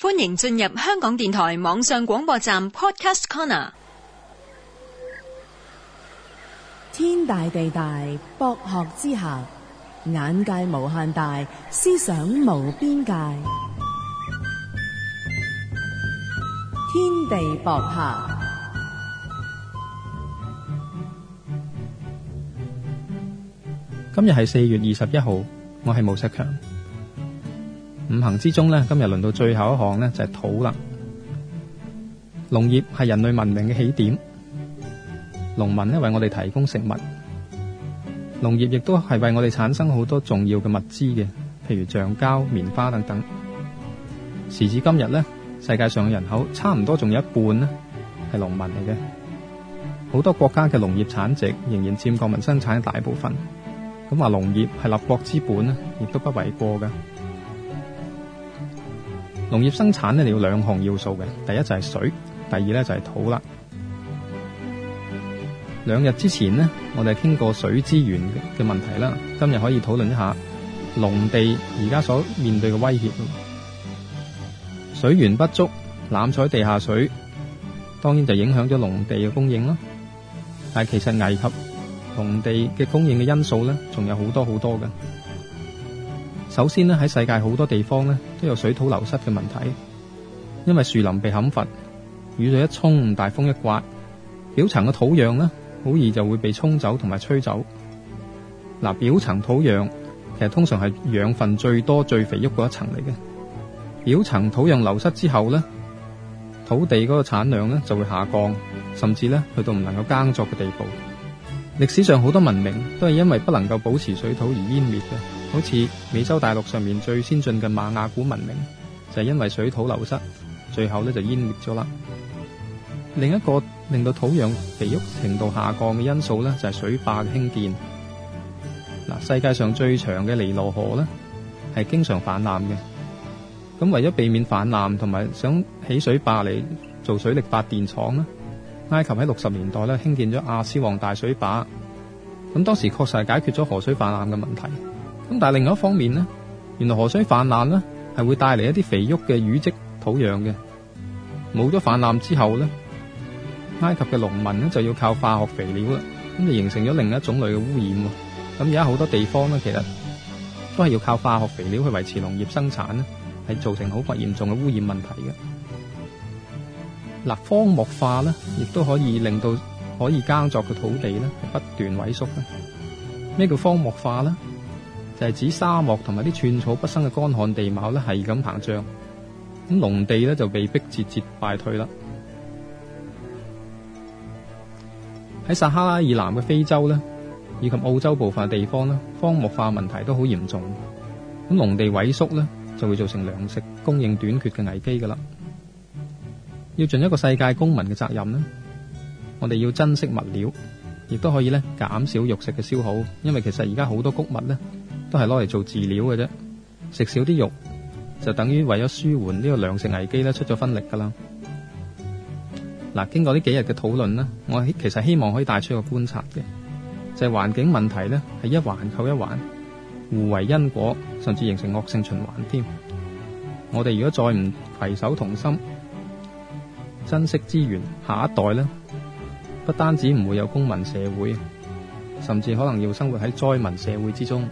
歡迎進入香港電台網上廣播站 Podcast Corner。天大地大，博學之下，眼界無限大，思想無邊界。天地博客。今日係四月二十一號，我係毛錫強。五行之中咧，今日輪到最後一項咧，就係土啦。農業係人類文明嘅起點，農民咧，為我哋提供食物，農業亦都係為我哋產生好多重要嘅物資嘅，譬如橡膠、棉花等等。時至今日咧，世界上嘅人口差唔多仲有一半呢，係農民嚟嘅，好多國家嘅農業產值仍然佔國民生產嘅大部分。咁話農業係立國之本呢，亦都不為過噶。農業生產咧，你要兩項要素嘅，第一就係水，第二咧就係土啦。兩日之前呢，我哋傾過水資源嘅問題啦，今日可以討論一下農地而家所面對嘅威脅。水源不足，濫採地下水，當然就影響咗農地嘅供應啦。但係其實危及農地嘅供應嘅因素咧，仲有好多好多嘅。首先呢，喺世界好多地方呢都有水土流失嘅問題，因為樹林被砍伐，雨水一沖，唔大風一刮，表層嘅土壤呢好易就會被沖走同埋吹走。嗱，表層土壤其實通常係養分最多、最肥沃嗰一層嚟嘅。表層土壤流失之後呢，土地嗰個產量呢就會下降，甚至呢去到唔能夠耕作嘅地步。歷史上好多文明都係因為不能夠保持水土而湮滅嘅。好似美洲大陸上面最先進嘅瑪雅古文明，就係因為水土流失，最後咧就湮滅咗啦。另一個令到土壤肥沃程度下降嘅因素咧，就係水壩嘅興建。嗱，世界上最長嘅尼羅河咧，係經常泛濫嘅。咁為咗避免泛濫，同埋想起水壩嚟做水力發電廠咧，埃及喺六十年代咧興建咗亞斯旺大水壩。咁當時確實係解決咗河水泛濫嘅問題。咁但係另一方面咧，原來河水泛濫咧係會帶嚟一啲肥沃嘅淤積土壤嘅。冇咗泛濫之後咧，埃及嘅農民咧就要靠化學肥料啦，咁就形成咗另一種類嘅污染。咁而家好多地方咧，其實都係要靠化學肥料去維持農業生產咧，係造成好嚴重嘅污染問題嘅。嗱，荒漠化咧，亦都可以令到可以耕作嘅土地咧係不斷萎縮嘅。咩叫荒漠化咧？就係指沙漠同埋啲寸草不生嘅乾旱地貌咧，係咁膨脹，咁農地咧就被逼節節敗退啦。喺撒哈拉以南嘅非洲呢，以及澳洲部分地方呢，荒漠化問題都好嚴重。咁農地萎縮呢，就會造成糧食供應短缺嘅危機噶啦。要盡一個世界公民嘅責任呢，我哋要珍惜物料，亦都可以呢減少肉食嘅消耗，因為其實而家好多谷物呢都係攞嚟做飼料嘅啫，食少啲肉就等於為咗舒緩呢個糧食危機咧，出咗分力噶啦。嗱，經過呢幾日嘅討論呢，我其實希望可以帶出一個觀察嘅，就係、是、環境問題呢係一環扣一環，互為因果，甚至形成惡性循環添。我哋如果再唔攜手同心，珍惜資源，下一代呢，不單止唔會有公民社會，甚至可能要生活喺災民社會之中。